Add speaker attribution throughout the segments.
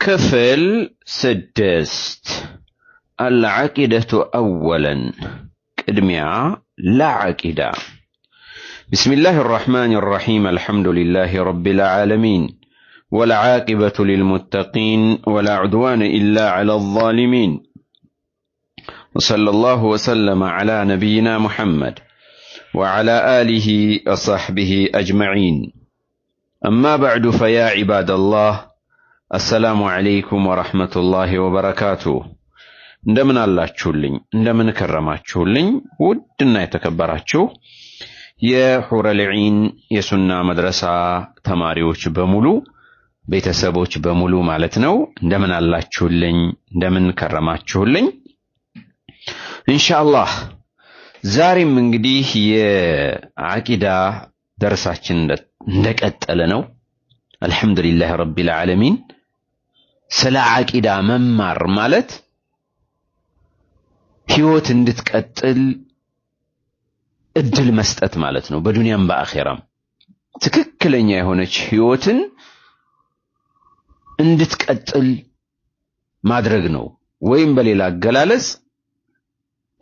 Speaker 1: كفل سدست العقيدة أولا كدمع لا عقيدة بسم الله الرحمن الرحيم الحمد لله رب العالمين والعاقبة للمتقين ولا عدوان إلا على الظالمين وصلى الله وسلم على نبينا محمد وعلى آله وصحبه أجمعين أما بعد فيا عباد الله አሰላሙ ዓለይኩም ወረሕመቱላሂ ወበረካቱ። እንደምን አላችሁልኝ? እንደምን ከረማችሁልኝ? ውድና የተከበራችሁ የሁረልዒን የሱና መድረሳ ተማሪዎች በሙሉ ቤተሰቦች በሙሉ ማለት ነው። እንደምን አላችሁልኝ? እንደምን ከረማችሁልኝ? ኢንሻአላህ ዛሬም እንግዲህ የዓቂዳ ደርሳችን እንደቀጠለ ነው። አልሐምዱሊላህ ረቢል ዓለሚን ስለ ዓቂዳ መማር ማለት ሕይወት እንድትቀጥል እድል መስጠት ማለት ነው። በዱንያም በአኼራም ትክክለኛ የሆነች ሕይወትን እንድትቀጥል ማድረግ ነው። ወይም በሌላ አገላለጽ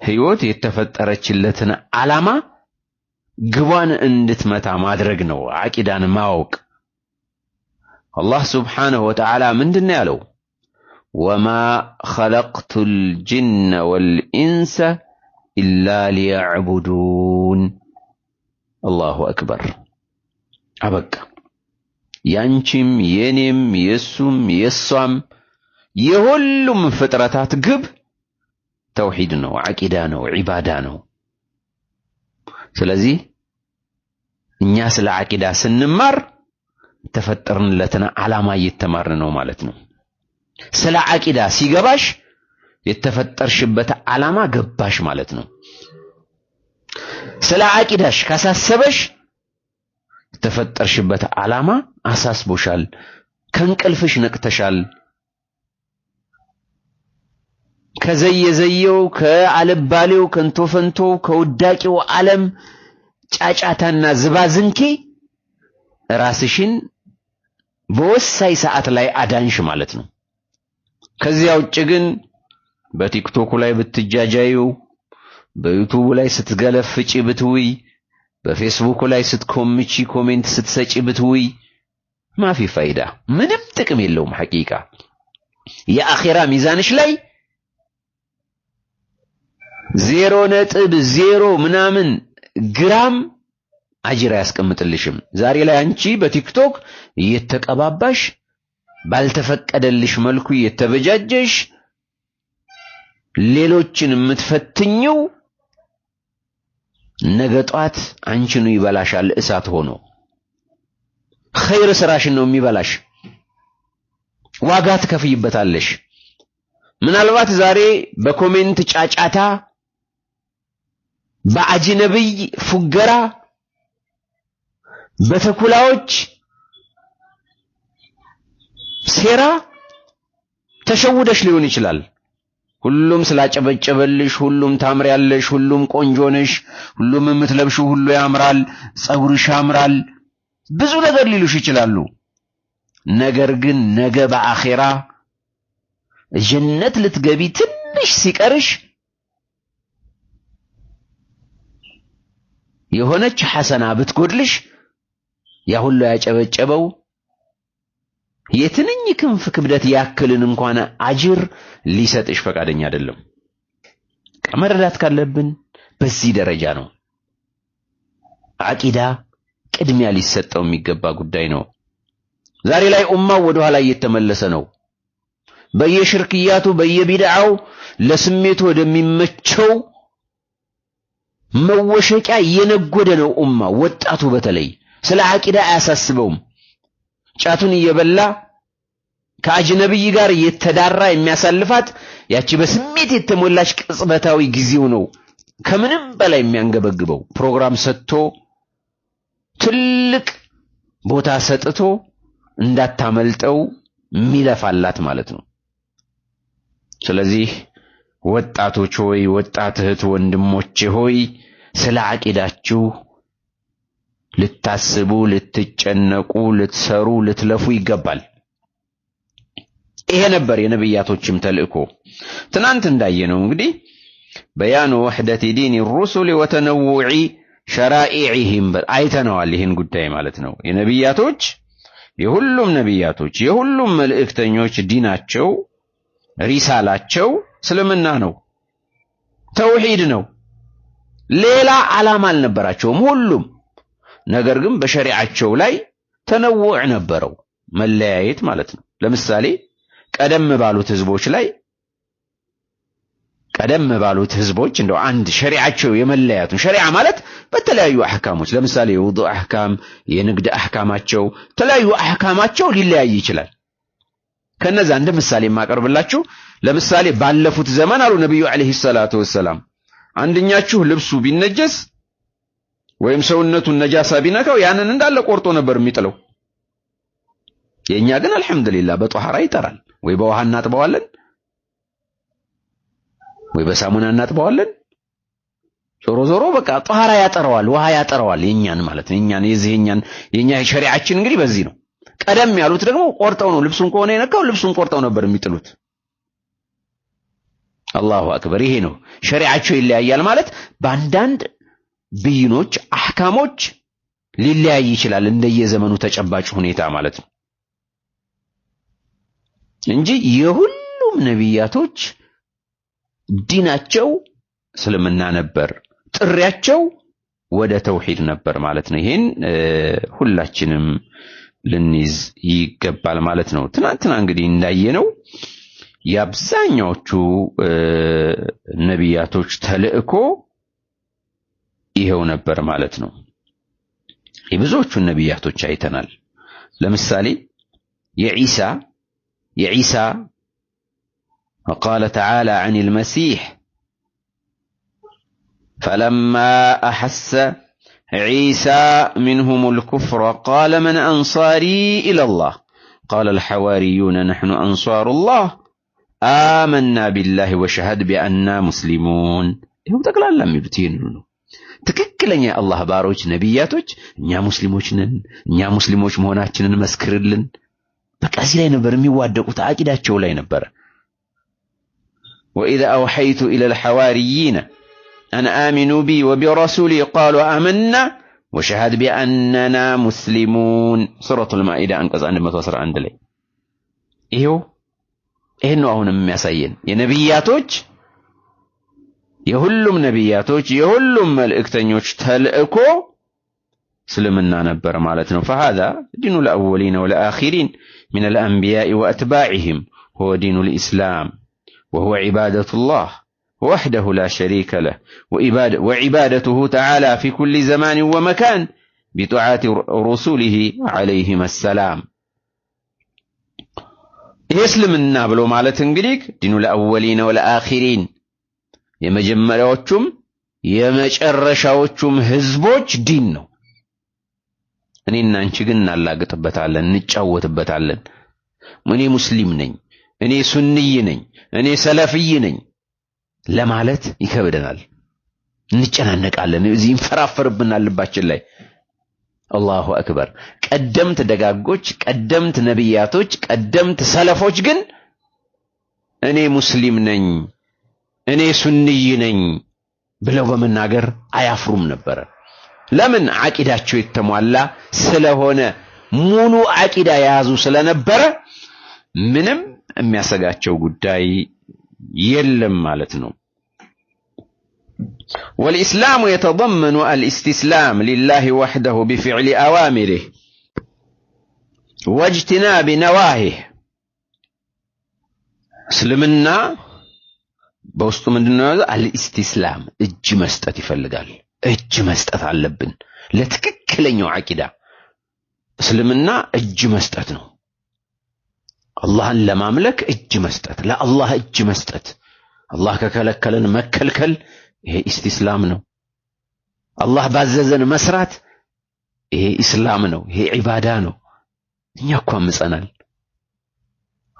Speaker 1: ሕይወት የተፈጠረችለትን ዓላማ ግቧን እንድትመታ ማድረግ ነው። ዓቂዳን ማወቅ አላህ ስብሓንሁ ወተዓላ ምንድን ነው ያለው? ወማ ኸለቅቱል ጅነ ወልኢንሰ ኢላ ሊያዕቡዱን። አላሁ አክበር። አበቃ። ያንቺም የኔም የሱም የሷም የሁሉም ፍጥረታት ግብ ተውሂድ ነው፣ ዓቂዳ ነው፣ ዒባዳ ነው። ስለዚህ እኛ ስለ ዓቂዳ ስንማር የተፈጠርንለትን ዓላማ እየተማርን ነው ማለት ነው። ስለ አቂዳ ሲገባሽ የተፈጠርሽበት ዓላማ ገባሽ ማለት ነው። ስለ አቂዳሽ ካሳሰበሽ የተፈጠርሽበት ዓላማ አሳስቦሻል፣ ከእንቅልፍሽ ነቅተሻል። ከዘየ ዘየው ከንቶ ፈንቶ ከውዳቂው ዓለም ጫጫታና ዝባዝንኪ ራስሽን በወሳኝ ሰዓት ላይ አዳንሽ ማለት ነው። ከዚያ ውጭ ግን በቲክቶኩ ላይ ብትጃጃዩ፣ በዩቱቡ ላይ ስትገለፍጪ ብትውይ፣ በፌስቡኩ ላይ ስትኮምቺ ኮሜንት ስትሰጪ ብትውይ ማፊ ፋይዳ ምንም ጥቅም የለውም። ሐቂቃ የአኼራ ሚዛንሽ ላይ ዜሮ ነጥብ ዜሮ ምናምን ግራም አጅር አያስቀምጥልሽም። ዛሬ ላይ አንቺ በቲክቶክ እየተቀባባሽ ባልተፈቀደልሽ መልኩ እየተበጃጀሽ ሌሎችን የምትፈትኝው ነገ ጧት አንቺኑ ይበላሻል። እሳት ሆኖ ኸይር ስራሽን ነው የሚበላሽ። ዋጋ ትከፍይበታለሽ። ምናልባት ዛሬ በኮሜንት ጫጫታ፣ በአጅነብይ ፉገራ በተኩላዎች ሴራ ተሸውደሽ ሊሆን ይችላል። ሁሉም ስላጨበጨበልሽ፣ ሁሉም ታምሪያለሽ፣ ሁሉም ቆንጆ ነሽ፣ ሁሉም የምትለብሽው ሁሉ ያምራል፣ ጸጉርሽ ያምራል፣ ብዙ ነገር ሊሉሽ ይችላሉ። ነገር ግን ነገ በአኼራ ጀነት ልትገቢ ትንሽ ሲቀርሽ የሆነች ሐሰና ብትጎድልሽ ያ ሁሉ ያጨበጨበው የትንኝ ክንፍ ክብደት ያክልን እንኳን አጅር ሊሰጥሽ ፈቃደኛ አይደለም። መረዳት ካለብን በዚህ ደረጃ ነው። አቂዳ ቅድሚያ ሊሰጠው የሚገባ ጉዳይ ነው። ዛሬ ላይ ኡማው ኋላ እየተመለሰ ነው። በየሽርክያቱ በየቢድዓው ለስሜቱ ወደሚመቸው መወሸቂያ እየነጎደ ነው ኡማ ወጣቱ በተለይ ስለ አቂዳ አያሳስበውም። ጫቱን እየበላ ከአጅነብይ ጋር የተዳራ የሚያሳልፋት ያቺ በስሜት የተሞላች ቅጽበታዊ ጊዜው ነው። ከምንም በላይ የሚያንገበግበው ፕሮግራም ሰጥቶ ትልቅ ቦታ ሰጥቶ እንዳታመልጠው ሚለፋላት ማለት ነው። ስለዚህ ወጣቶች ሆይ፣ ወጣት እህት ወንድሞቼ ሆይ ስለ አቂዳችሁ ልታስቡ፣ ልትጨነቁ፣ ልትሰሩ፣ ልትለፉ ይገባል። ይሄ ነበር የነብያቶችም ተልእኮ። ትናንት እንዳየነው እንግዲህ በያኑ ወሕደት ዲን ሩሱል ወተነውዒ ሸራኢዕህም አይተነዋል። ይህን ጉዳይ ማለት ነው የነብያቶች የሁሉም ነቢያቶች የሁሉም መልእክተኞች ዲናቸው ሪሳላቸው እስልምና ነው፣ ተውሂድ ነው። ሌላ ዓላማ አልነበራቸውም ሁሉም ነገር ግን በሸሪዓቸው ላይ ተነውዕ ነበረው መለያየት ማለት ነው። ለምሳሌ ቀደም ባሉት ህዝቦች ላይ ቀደም ባሉት ህዝቦች እንደው አንድ ሸሪዓቸው ነው። ሸሪዓ ማለት በተለያዩ አህካሞች ለምሳሌ የውዱ አህካም፣ የንግድ አህካማቸው ተለያዩ አህካማቸው ሊለያይ ይችላል። ከነዛ እንደ ምሳሌ የማቀርብላችሁ ለምሳሌ ባለፉት ዘመን አሉ ነብዩ አለይሂ ሰላቱ ወሰላም አንደኛችሁ ልብሱ ቢነጀስ ወይም ሰውነቱን ነጃሳ ቢነካው ያንን እንዳለ ቆርጦ ነበር የሚጥለው። የእኛ ግን አልሐምዱሊላህ በጧሃራ ይጠራል። ወይ በውሃ እናጥበዋለን፣ ወይ በሳሙና እናጥበዋለን። ዞሮ ዞሮ በቃ ጧሃራ ያጠረዋል፣ ውሃ ያጠረዋል። የኛን ማለት ነው የኛን የዚህ የኛ ሸሪዓችን እንግዲህ በዚህ ነው። ቀደም ያሉት ደግሞ ቆርጠው ነው ልብሱን ከሆነ የነካው ልብሱን ቆርጠው ነበር የሚጥሉት። አላሁ አክበር። ይሄ ነው ሸሪዓቸው ይለያያል ማለት በአንዳንድ ብይኖች፣ አህካሞች ሊለያይ ይችላል እንደየዘመኑ ተጨባጭ ሁኔታ ማለት ነው እንጂ የሁሉም ነቢያቶች ዲናቸው እስልምና ነበር፣ ጥሪያቸው ወደ ተውሂድ ነበር ማለት ነው። ይሄን ሁላችንም ልንይዝ ይገባል ማለት ነው። ትናንትና እንግዲህ እንዳየነው የአብዛኛዎቹ ነቢያቶች ተልእኮ ይሄው ነበር ማለት ነው። የብዙዎቹን ነቢያቶች አይተናል። ለምሳሌ የዒሳ የዒሳ وقال تعالى عن المسيح فلما أحس عيسى منهم الكفر قال من أنصاري إلى الله قال الحواريون نحن أنصار الله آمنا بالله وشهد بأننا مسلمون يوم تقلال لم يبتين ትክክለኛ የአላህ ባሮች ነቢያቶች እኛ ሙስሊሞች ነን፣ እኛ ሙስሊሞች መሆናችንን መስክርልን። በቃ እዚህ ላይ ነበር የሚዋደቁት፣ አቂዳቸው ላይ ነበር ወኢዛ አውሐይቱ ኢለል ሐዋርይነ አን አሚኑ ቢ ወቢረሱሊ ቃሉ አመና ወሸሃድ ቢአነና ሙስሊሙን ሱረቱል ማኢዳ አንቀጽ 111 ላይ ይኸው ይህን ነው አሁንም የሚያሳየን የነቢያቶች የሁሉም ነቢያቶች የሁሉም መልእክተኞች ተልእኮ እስልምና ነበር ማለት ነው። فهذا دين الأولين والآخرين من الأنبياء وأتباعهم هو دين الإسلام وهو عبادة الله وحده لا شريك له وعبادته تعالى في كل زمان ومكان بطاعة رسوله عليهم السلام يسلم النابل مالت انجليك دين الأولين والآخرين የመጀመሪያዎቹም የመጨረሻዎቹም ህዝቦች ዲን ነው። እኔና አንቺ ግን እናላግጥበታለን፣ እንጫወትበታለን። እኔ ሙስሊም ነኝ፣ እኔ ሱንይ ነኝ፣ እኔ ሰለፍይ ነኝ ለማለት ይከብደናል። እንጨናነቃለን። እዚህ እንፈራፈርብናል ልባችን ላይ። አላሁ አክበር። ቀደምት ደጋጎች፣ ቀደምት ነቢያቶች፣ ቀደምት ሰለፎች ግን እኔ ሙስሊም ነኝ እኔ ሱንይ ነኝ ብለው በመናገር አያፍሩም ነበር ለምን? አቂዳቸው የተሟላ ስለሆነ ሙሉ አቂዳ የያዙ ስለነበረ ምንም የሚያሰጋቸው ጉዳይ የለም ማለት ነው። ወልኢስላሙ የተደመኑ አልኢስቲስላም ሊላሂ ወሕደሁ ቢፊዕሊ አዋሚሪህ ወጅትናቢ ነዋሂህ እስልምና بوستو من دنو هذا الاستسلام اج مستت يفلقال اج مستت عاللبن لا تككلنيو عكدا سلمنا اج مستتنو الله اللي ما اج مستت لا الله اج مستت الله ككلكلن مكلكل هي استسلامنا الله بززن مسرات هي اسلامنا هي عبادانا نيا كوامس انال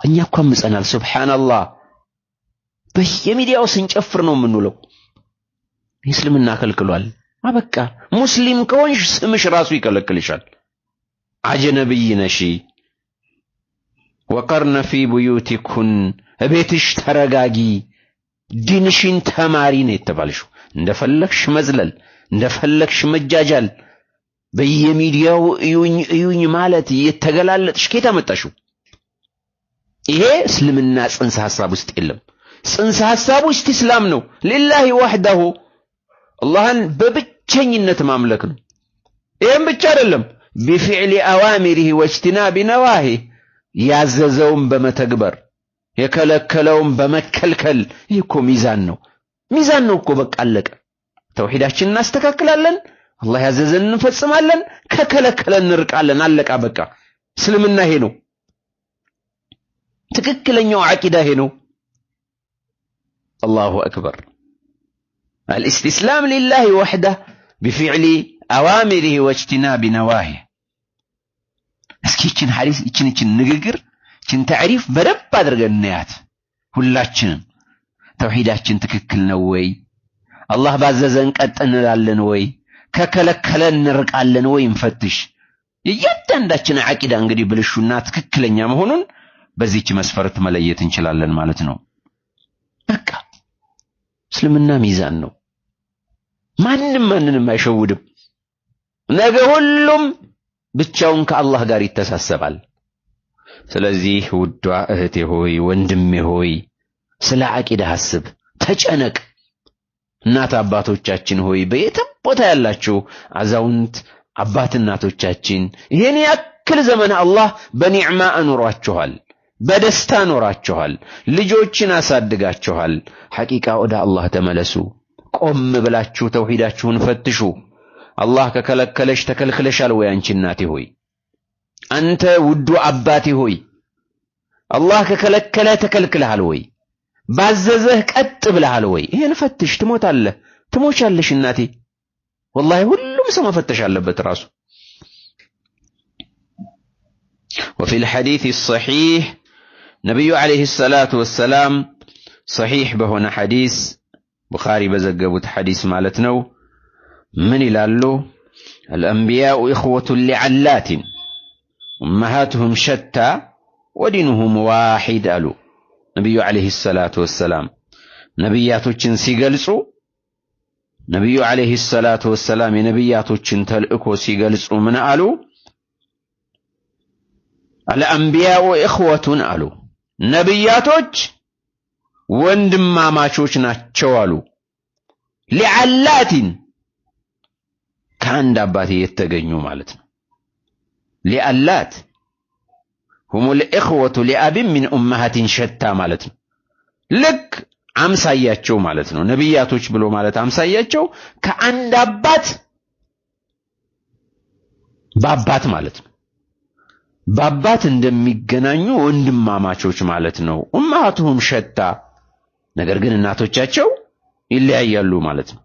Speaker 1: نيا كوامس انال سبحان الله በየሚዲያው ስንጨፍር ነው የምንውለው። እስልምና ከልክሏል። አበቃ። ሙስሊም ከሆንሽ ስምሽ ራሱ ይከለክልሻል። አጀነብይ ነሽ ወቀርነ ፊ ቡዩቲኩን፣ እቤትሽ ተረጋጊ፣ ዲንሽን ተማሪ ነው የተባልሽው። እንደፈለግሽ መዝለል፣ እንደፈለግሽ መጃጃል፣ በየሚዲያው እዩኝ እዩኝ ማለት እየተገላለጥሽ ኬታ መጣሽው። ይሄ እስልምና ጽንሰ ሐሳብ ውስጥ የለም። ጽንሰ ሐሳቡ ኢስቲስላም ነው። ሊላሂ ወህደሁ አላህን በብቸኝነት ማምለክ ነው። ይህም ብቻ አይደለም፣ ቢፊዕሊ አዋሚሪህ ወጅቲናቢ ነዋሂ ያዘዘውን በመተግበር የከለከለውን በመከልከል። ይህ እኮ ሚዛን ነው፣ ሚዛን ነው እኮ በቃ አለቀ። ተውሂዳችንን እናስተካክላለን፣ አላህ ያዘዘን እንፈጽማለን፣ ከከለከለን እንርቃለን። አለቃ በቃ። እስልምና ይሄ ነው። ትክክለኛው አቂዳ ይሄ ነው። አላሁ አክበር الاستسلام ሊላህ وحده بفعل أوامره واجتناب نواهيه እስኪ ይችን ሐዲስ ይችን ይችን ንግግር ይችን ታዕሪፍ በደንብ አድርገን እናያት። ሁላችንም ተውሂዳችን ትክክል ነው ወይ? አላህ ባዘዘን ቀጥ እንላለን ወይ? ከከለከለ እንርቃለን ወይ? እንፈትሽ። የእያንዳንዳችን አቂዳ እንግዲህ ብልሹና ትክክለኛ መሆኑን በዚች መስፈርት መለየት እንችላለን ማለት ነው። እስልምና ሚዛን ነው። ማንም ማንንም አይሸውድም። ነገ ሁሉም ብቻውን ከአላህ ጋር ይተሳሰባል። ስለዚህ ውዷ እህቴ ሆይ ወንድሜ ሆይ ስለ አቂዳ አስብ፣ ተጨነቅ። እናት አባቶቻችን ሆይ በየትም ቦታ ያላችሁ አዛውንት አባት እናቶቻችን ይህን ያክል ዘመን አላህ በኒዕማ አኑሯችኋል። በደስታ ኖራችኋል። ልጆችን አሳድጋችኋል። ሐቂቃ ወደ አላህ ተመለሱ። ቆም ብላችሁ ተውሂዳችሁን ፈትሹ። አላህ ከከለከለሽ ተከልክለሻል ወይ? አንቺ እናቴ ሆይ፣ አንተ ውዱ አባቴ ሆይ፣ አላህ ከከለከለ ተከልክለሃል ወይ? ባዘዘህ ቀጥ ብለሃል ወይ? ይሄን ፈትሽ። ትሞታለህ፣ ትሞቻለሽ እናቴ። ወላሂ ሁሉም ሰው መፈተሽ አለበት ራሱ። وفي الحديث الصحيح نبي عليه الصلاة والسلام صحيح بهنا حديث بخاري بزقبت حديث مالتنا من لالو الأنبياء إخوة لعلات أمهاتهم شتى ودينهم واحد ألو نبي عليه الصلاة والسلام نبيات الجنسي قلسوا نبي عليه الصلاة والسلام نبيات الجنت الأكوسي قلسوا من ألو الأنبياء إخوة ألو ነቢያቶች ወንድማማቾች ናቸው አሉ። ሊአላቲን ከአንድ አባት የተገኙ ማለት ነው። ሊአላት ሁሙ ኢኽወቱ ሊአቢን ምን ኡመሃቲን ሸታ ማለት ነው። ልክ አምሳያቸው ማለት ነው። ነቢያቶች ብሎ ማለት አምሳያቸው ከአንድ አባት በአባት ማለት ነው። بابات اندم نيو اندم ماما چوش مالتنو اماتهم شتا نگرگن ناتو چاچو اللي عيالو مالتنو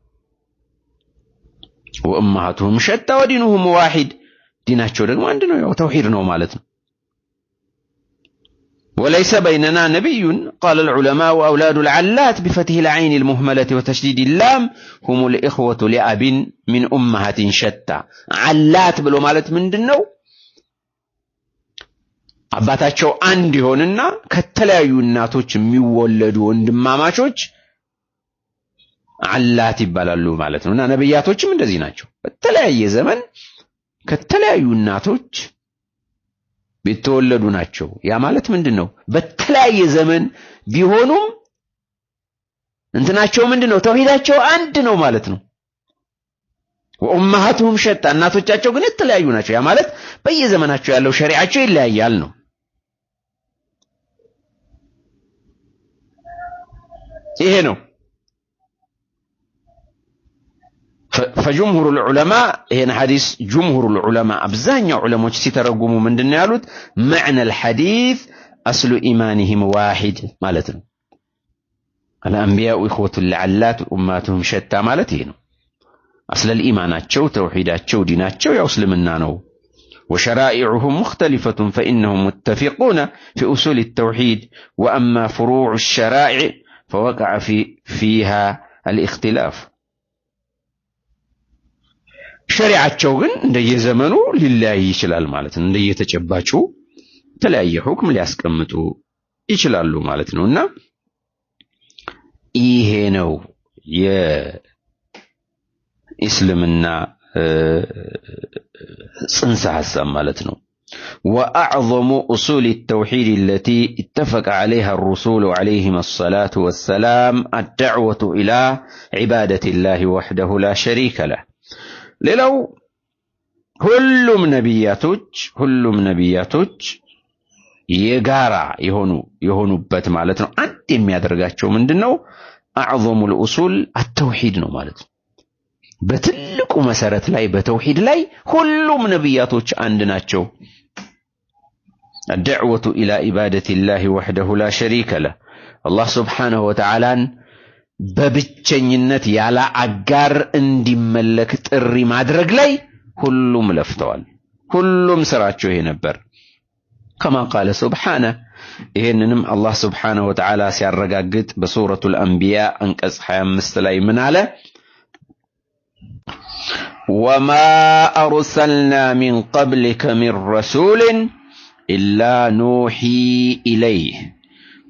Speaker 1: و اماتهم شتا و دينوهم واحد دينا چودك ما اندنو يو توحيرنو مالتنو وليس بيننا نبي قال العلماء وأولاد العلات بفتح العين المهملة وتشديد اللام هم الإخوة لأب من أمهات شتى علات بلو مالت من دنو አባታቸው አንድ ይሆንና ከተለያዩ እናቶች የሚወለዱ ወንድማማቾች አላት ይባላሉ ማለት ነው። እና ነብያቶችም እንደዚህ ናቸው። በተለያየ ዘመን ከተለያዩ እናቶች የተወለዱ ናቸው። ያ ማለት ምንድን ነው? በተለያየ ዘመን ቢሆኑም እንትናቸው ምንድን ነው? ተውሂዳቸው አንድ ነው ማለት ነው። ወኡማሃቱሁም ሸጣ፣ እናቶቻቸው ግን የተለያዩ ናቸው። ያ ማለት በየዘመናቸው ያለው ሸሪዓቸው ይለያያል ነው። ايه نو فجمهور العلماء هنا إيه حديث جمهور العلماء ابزاني علماء سترقموا من دنيا معنى الحديث اصل ايمانهم واحد مالتنا الانبياء اخوة اللعلات اماتهم شتى مالتهن اصل الايمان اتشو توحيدات اتشو دينات اتشو يا نانو وشرائعهم مختلفة فإنهم متفقون في أصول التوحيد وأما فروع الشرائع فوقع في فيها الاختلاፍ ሸሪዓቸው ግን እንደየዘመኑ ሊለያይ ይችላል ማለት ነው። እንደየተጨባጩ የተለያየ ሁክም ሊያስቀምጡ ይችላሉ ማለት ነው እና ይሄ ነው የእስልምና ጽንሰ ሀሳብ ማለት ነው። وأعظم أصول التوحيد التي اتفق عليها الرسول عليهم الصلاة والسلام الدعوة إلى عبادة الله وحده لا شريك له للو كل من نبياتك كل من نبياتك يقارع يهونو يهونو بات مالتنا أنت يمي من دنو أعظم الأصول التوحيد نو مالتنا بتلك مسارة لاي بتوحيد لاي كل من نبياتك عندنا تشو አደዕወቱ ኢላ ኢባደቲላሂ ወሕደሁ ላ ሸሪከ ለህ አላህ ስብሓነሁ ወተዓላን በብቸኝነት ያለ አጋር እንዲመለክ ጥሪ ማድረግ ላይ ሁሉም ለፍተዋል። ሁሉም ስራቸው ይሄ ነበር። ከማ ቃለ ሱብሓነ ይሄንንም አላህ ስብሓነሁ ወተዓላ ሲያረጋግጥ በሱረቱል አንቢያ አንቀጽ 25 ላይ ምን አለ? ወማ አርሰልና ሚን ቀብሊከ ሚን ረሱልን إلا نوحي إليه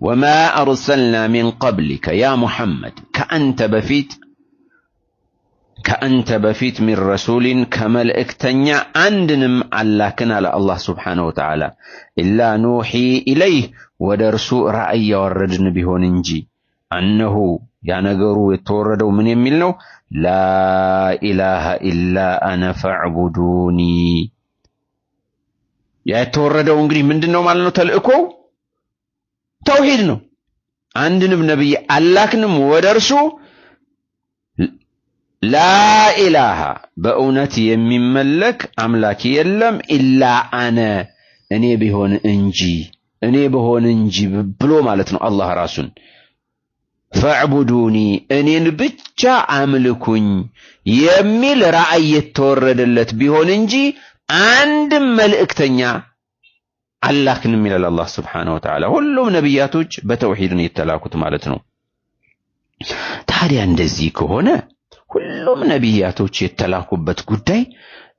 Speaker 1: وما أرسلنا من قبلك يا محمد كأنت بفيت كأنت بفيت من رسول كملئك تنيا عندنم على الله سبحانه وتعالى إلا نوحي إليه ودرسوا رأي ورجن بهون ننجي أنه يا نقروا يتوردوا من يميلنو لا إله إلا أنا فاعبدوني የተወረደው እንግዲህ ምንድን ነው ማለት ነው? ተልእኮው ተውሂድ ነው። አንድንም ነብይ አላክንም ወደ እርሱ ላኢላሃ በእውነት የሚመለክ አምላክ የለም ኢላ አነ እኔ ቢሆን እንጂ እኔ በሆን እንጂ ብሎ ማለት ነው። አላህ ራሱን ፈዕቡዱኒ እኔን ብቻ አምልኩኝ የሚል ራእይ የተወረደለት ቢሆን እንጂ አንድም መልእክተኛ አላክንም ይላል አላህ ስብሓነሁ ወተዓላ። ሁሉም ነቢያቶች በተውሂድ ነው የተላኩት ማለት ነው። ታዲያ እንደዚህ ከሆነ ሁሉም ነቢያቶች የተላኩበት ጉዳይ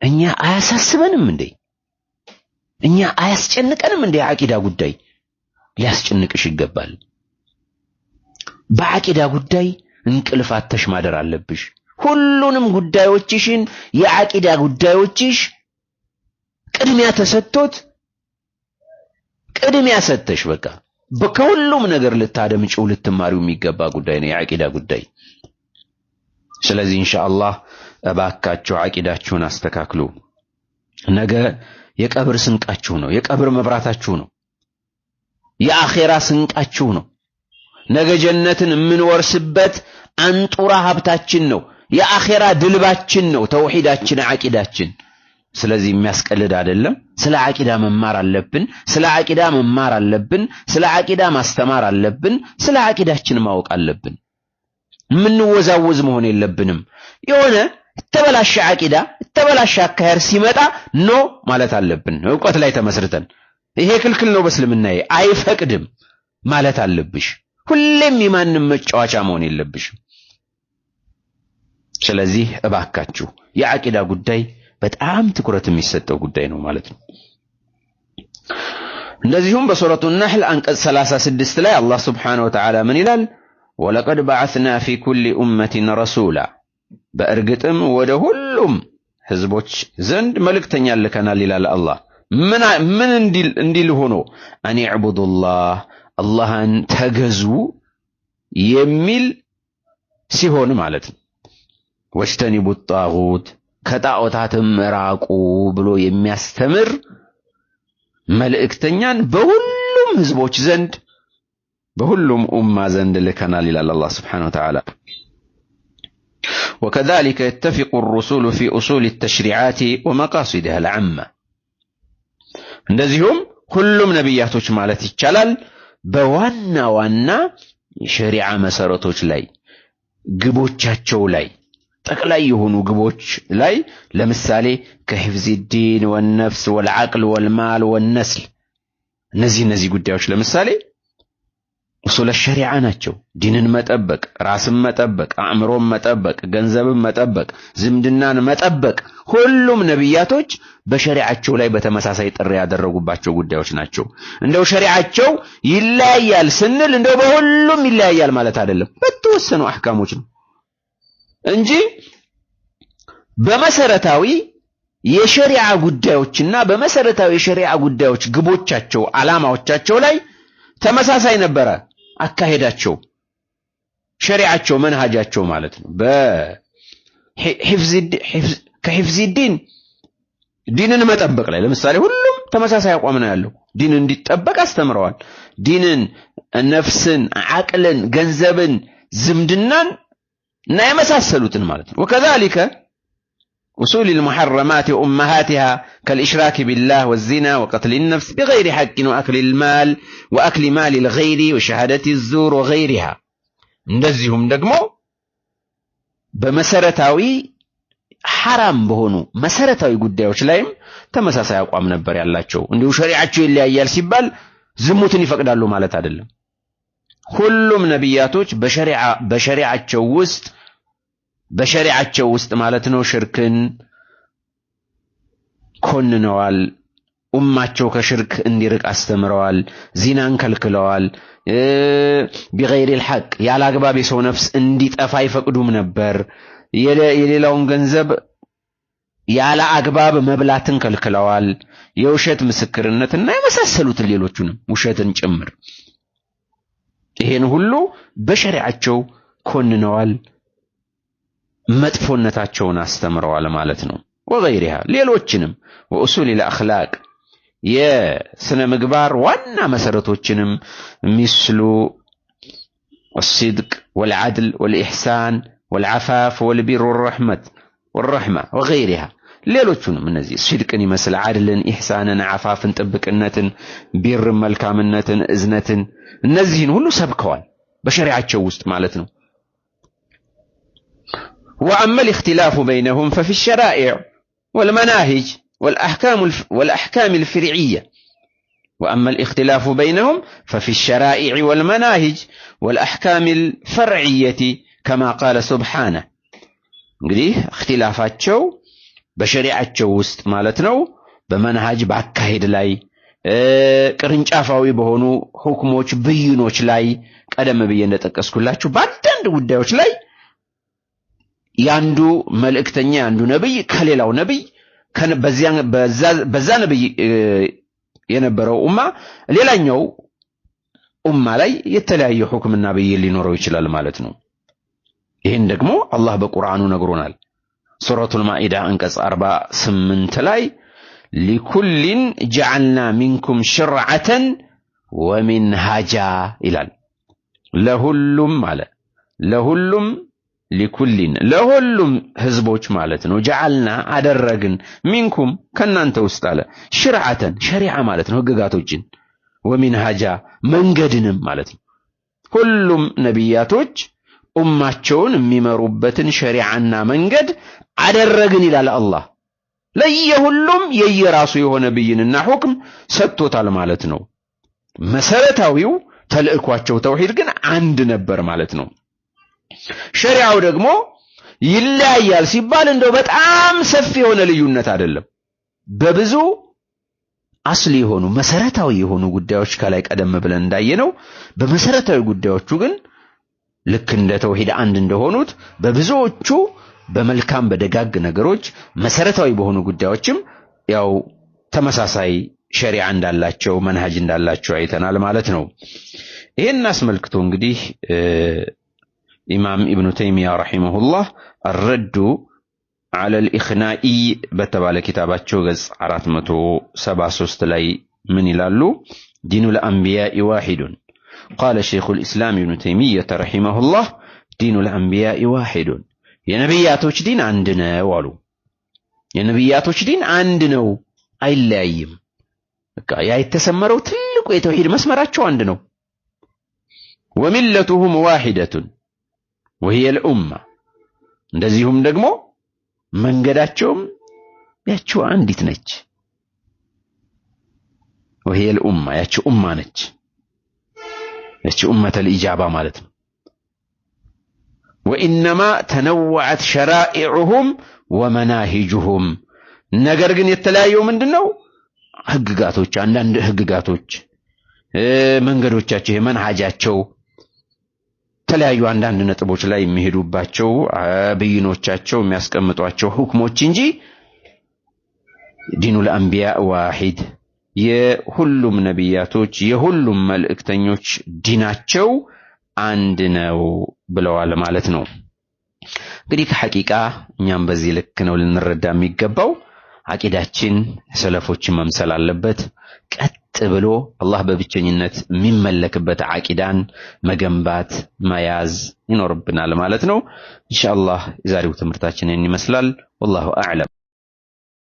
Speaker 1: እኛ አያሳስበንም እንዴ? እኛ አያስጨንቀንም እንዴ? የዓቂዳ ጉዳይ ሊያስጨንቅሽ ይገባል። በአቂዳ ጉዳይ እንቅልፍ አተሽ ማደር አለብሽ። ሁሉንም ጉዳዮችሽን የአቂዳ ጉዳዮችሽ ቅድሚያ ተሰጥቶት ቅድሚያ ሰተሽ በቃ ከሁሉም ነገር ልታደምጪው ልትማሪው የሚገባ ጉዳይ ነው የዓቂዳ ጉዳይ። ስለዚህ ኢንሻአላህ እባካችሁ ዓቂዳችሁን አስተካክሉ። ነገ የቀብር ስንቃችሁ ነው፣ የቀብር መብራታችሁ ነው፣ የአኼራ ስንቃችሁ ነው። ነገ ጀነትን የምንወርስበት አንጡራ ሀብታችን ነው፣ የአኼራ ድልባችን ነው። ተውሂዳችን፣ ዓቂዳችን ስለዚህ የሚያስቀልድ አይደለም። ስለ አቂዳ መማር አለብን። ስለ አቂዳ መማር አለብን። ስለ አቂዳ ማስተማር አለብን። ስለ አቂዳችን ማወቅ አለብን። የምንወዛወዝ መሆን የለብንም። የሆነ የተበላሸ አቂዳ፣ የተበላሸ አካሄድ ሲመጣ ኖ ማለት አለብን። እውቀት ላይ ተመስርተን ይሄ ክልክል ነው በእስልምናዬ አይፈቅድም ማለት አለብሽ። ሁሌም የማንም መጫወቻ መሆን የለብሽም። ስለዚህ እባካችሁ የአቂዳ ጉዳይ በጣም ትኩረት የሚሰጠው ጉዳይ ነው ማለት ነው። እንደዚሁም በሱረቱ ነህል አንቀጽ 36 ላይ አላህ ስብሓነሁ ወተዓላ ምን ይላል? ወለቀድ በዓትና ፊ ኩሊ ኡመቲን ረሱላ፣ በእርግጥም ወደ ሁሉም ህዝቦች ዘንድ መልእክተኛ ልከናል ይላል አላህ። ምን እንዲል ሆኖ አን ዕቡዱላህ አላህን ተገዙ የሚል ሲሆን ማለት ነው። ወጅተኒቡ ጣጉት ከጣዖታትም ራቁ ብሎ የሚያስተምር መልእክተኛን በሁሉም ህዝቦች ዘንድ በሁሉም ኡማ ዘንድ ልከናል ይላል አላህ ስብሓነሁ ወተዓላ። ወከዛሊከ የተፊቁ ሩሱሉ ፊ ኡሱሊ ተሽሪዓት ወመቃሲድሃ ለዓማ። እንደዚሁም ሁሉም ነቢያቶች ማለት ይቻላል በዋና ዋና የሸሪዓ መሰረቶች ላይ ግቦቻቸው ላይ ጠቅላይ የሆኑ ግቦች ላይ ለምሳሌ ከሂፍዚ ዲን ወነፍስ ወልዓቅል ወልማል ወነስል እነዚህ እነዚህ ጉዳዮች ለምሳሌ እሱለ ሸሪዓ ናቸው። ዲንን መጠበቅ፣ ራስን መጠበቅ፣ አእምሮን መጠበቅ፣ ገንዘብን መጠበቅ፣ ዝምድናን መጠበቅ ሁሉም ነቢያቶች በሸሪዓቸው ላይ በተመሳሳይ ጥሪ ያደረጉባቸው ጉዳዮች ናቸው። እንደው ሸሪዓቸው ይለያያል ስንል እንደው በሁሉም ይለያያል ማለት አይደለም፣ በተወሰኑ አህካሞች ነው። እንጂ በመሰረታዊ የሸሪዓ ጉዳዮችና በመሰረታዊ የሸሪዓ ጉዳዮች ግቦቻቸው፣ ዓላማዎቻቸው ላይ ተመሳሳይ ነበረ አካሄዳቸው፣ ሸሪዓቸው፣ መንሃጃቸው ማለት ነው። ከሒፍዚ ዲን ዲንን መጠበቅ ላይ ለምሳሌ ሁሉም ተመሳሳይ አቋም ነው ያለው። ዲን እንዲጠበቅ አስተምረዋል። ዲንን፣ ነፍስን፣ አቅልን፣ ገንዘብን፣ ዝምድናን እና የመሳሰሉትን ማለት ነው ወከዛሊከ وصول المحرمات وأمهاتها كالإشراك بالله والزنا وقتل النفس بغير حق وأكل المال وأكل مال الغير وشهادة الزور وغيرها እንደዚሁም ደግሞ በመሰረታዊ ሐራም በሆኑ መሰረታዊ ጉዳዮች ላይም ተመሳሳይ አቋም ነበር ያላቸው። እንዲሁ ሸሪዓቸው ይለያያል ሲባል ዝሙትን ይፈቅዳሉ ማለት አይደለም። ሁሉም ነቢያቶች በሸሪዓቸው ውስጥ በሸሪዓቸው ውስጥ ማለት ነው ሽርክን ኮንነዋል። ኡማቸው ከሽርክ እንዲርቅ አስተምረዋል። ዚናን ከልክለዋል። ቢገይሪል ሐቅ ያለ አግባብ የሰው ነፍስ እንዲጠፋ አይፈቅዱም ነበር። የሌላውን ገንዘብ ያለ አግባብ መብላትን ከልክለዋል። የውሸት ምስክርነትና የመሳሰሉትን ሌሎቹንም ውሸትን ጭምር ይሄን ሁሉ በሸሪዓቸው ኮንነዋል፣ መጥፎነታቸውን አስተምረዋል ማለት ነው። ወገይሪሃ ሌሎችንም ወኡሱል አልአኽላቅ የስነ ምግባር ዋና መሰረቶችንም ሚስሉ والصدق والعدل والإحسان والعفاف والبر والرحمة والرحمة وغيرها ሌሎቹንም من ሲድቅን ይመስል አድልን፣ ኢሕሳንን፣ احسانا ጥብቅነትን፣ ቢርን፣ መልካምነትን፣ እዝነትን እነዚህን ሁሉ ሰብከዋል በሸሪዓቸው ውስጥ ማለት ነው። وأما الاختلاف بينهم ففي الشرائع والمناهج والأحكام والأحكام الفرعية وأما الاختلاف بينهم ففي الشرائع والمناهج والأحكام الفرعية كما قال سبحانه اختلافات شو በሸሪዓቸው ውስጥ ማለት ነው በመንሃጅ በአካሄድ ላይ ቅርንጫፋዊ በሆኑ ሁክሞች ብይኖች ላይ ቀደም ብዬ እንደጠቀስኩላችሁ በአንዳንድ ጉዳዮች ላይ የአንዱ መልእክተኛ የአንዱ ነቢይ ከሌላው ነቢይ በዛ ነቢይ የነበረው ኡማ ሌላኛው ኡማ ላይ የተለያየ ሁክምና ብይን ሊኖረው ይችላል ማለት ነው። ይህን ደግሞ አላህ በቁርአኑ ነግሮናል። ሱረቱል ማኢዳ አንቀጽ 48 ላይ ሊኩሊን ጀዓልና ሚንኩም ሽርዓተን ወሚንሃጃ ይላል። ለሁሉም አለ ለሁሉም ሊኩሊን ለሁሉም ህዝቦች ማለት ነው። ጀዓልና አደረግን ሚንኩም ከእናንተ ውስጥ አለ ሽርዓተን ሸሪዓ ማለት ነው ህግጋቶችን ወሚንሃጃ መንገድንም ማለት ነው። ሁሉም ነቢያቶች ኡማቸውን የሚመሩበትን ሸሪዓና መንገድ አደረግን ይላል አላህ። ለየሁሉም የየራሱ የሆነ ብይንና ሁክም ሰጥቶታል ማለት ነው። መሰረታዊው ተልእኳቸው ተውሂድ ግን አንድ ነበር ማለት ነው። ሸሪዓው ደግሞ ይለያያል ሲባል እንደው በጣም ሰፊ የሆነ ልዩነት አይደለም። በብዙ አስል የሆኑ መሰረታዊ የሆኑ ጉዳዮች ከላይ ቀደም ብለን እንዳየነው በመሰረታዊ ጉዳዮቹ ግን ልክ እንደ ተውሂድ አንድ እንደሆኑት በብዙዎቹ በመልካም በደጋግ ነገሮች መሰረታዊ በሆኑ ጉዳዮችም ያው ተመሳሳይ ሸሪዓ እንዳላቸው መንሃጅ እንዳላቸው አይተናል ማለት ነው። ይህን አስመልክቶ እንግዲህ ኢማም ኢብኑ ተይሚያ ረሂመሁላህ አረዱ አለል ኢኽናኢ በተባለ ኪታባቸው ገጽ 473 ላይ ምን ይላሉ? ዲኑል አንቢያኢ ዋሂዱን قال شيخ الإسلام ابن تيمية رحمه الله دين الأنبياء واحد يا نبيات وش دين عندنا والو يا نبيات وش دين عندنا أي لايم يا يتسمروا تلك ويتوحيد ما شو عندنا وملتهم واحدة وهي الأمة دزيهم دقمو من قداتشهم ياتشو عندي تنج وهي الأمة ياتشو أمة نج እቺ ኡመተል ኢጃባ ማለት ነው። ወኢነማ ተነወዐት ሸራኢዑሁም ወመናሂጁሁም ነገር ግን የተለያየው ምንድነው? ህግጋቶች፣ አንዳንድ ህግጋቶች መንገዶቻቸው፣ የመንሃጃቸው የተለያዩ አንዳንድ ነጥቦች ላይ የሚሄዱባቸው ብይኖቻቸው የሚያስቀምጧቸው ህክሞች እንጂ ዲኑል አንቢያ ዋሂድ የሁሉም ነቢያቶች የሁሉም መልእክተኞች ዲናቸው አንድ ነው ብለዋል ማለት ነው። እንግዲህ ከሐቂቃ እኛም በዚህ ልክ ነው ልንረዳ የሚገባው። አቂዳችን ሰለፎችን መምሰል አለበት። ቀጥ ብሎ አላህ በብቸኝነት የሚመለክበት አቂዳን መገንባት መያዝ ይኖርብናል ማለት ነው። ኢንሻአላህ የዛሬው ትምህርታችንን ይመስላል። ወላሁ አዕለም።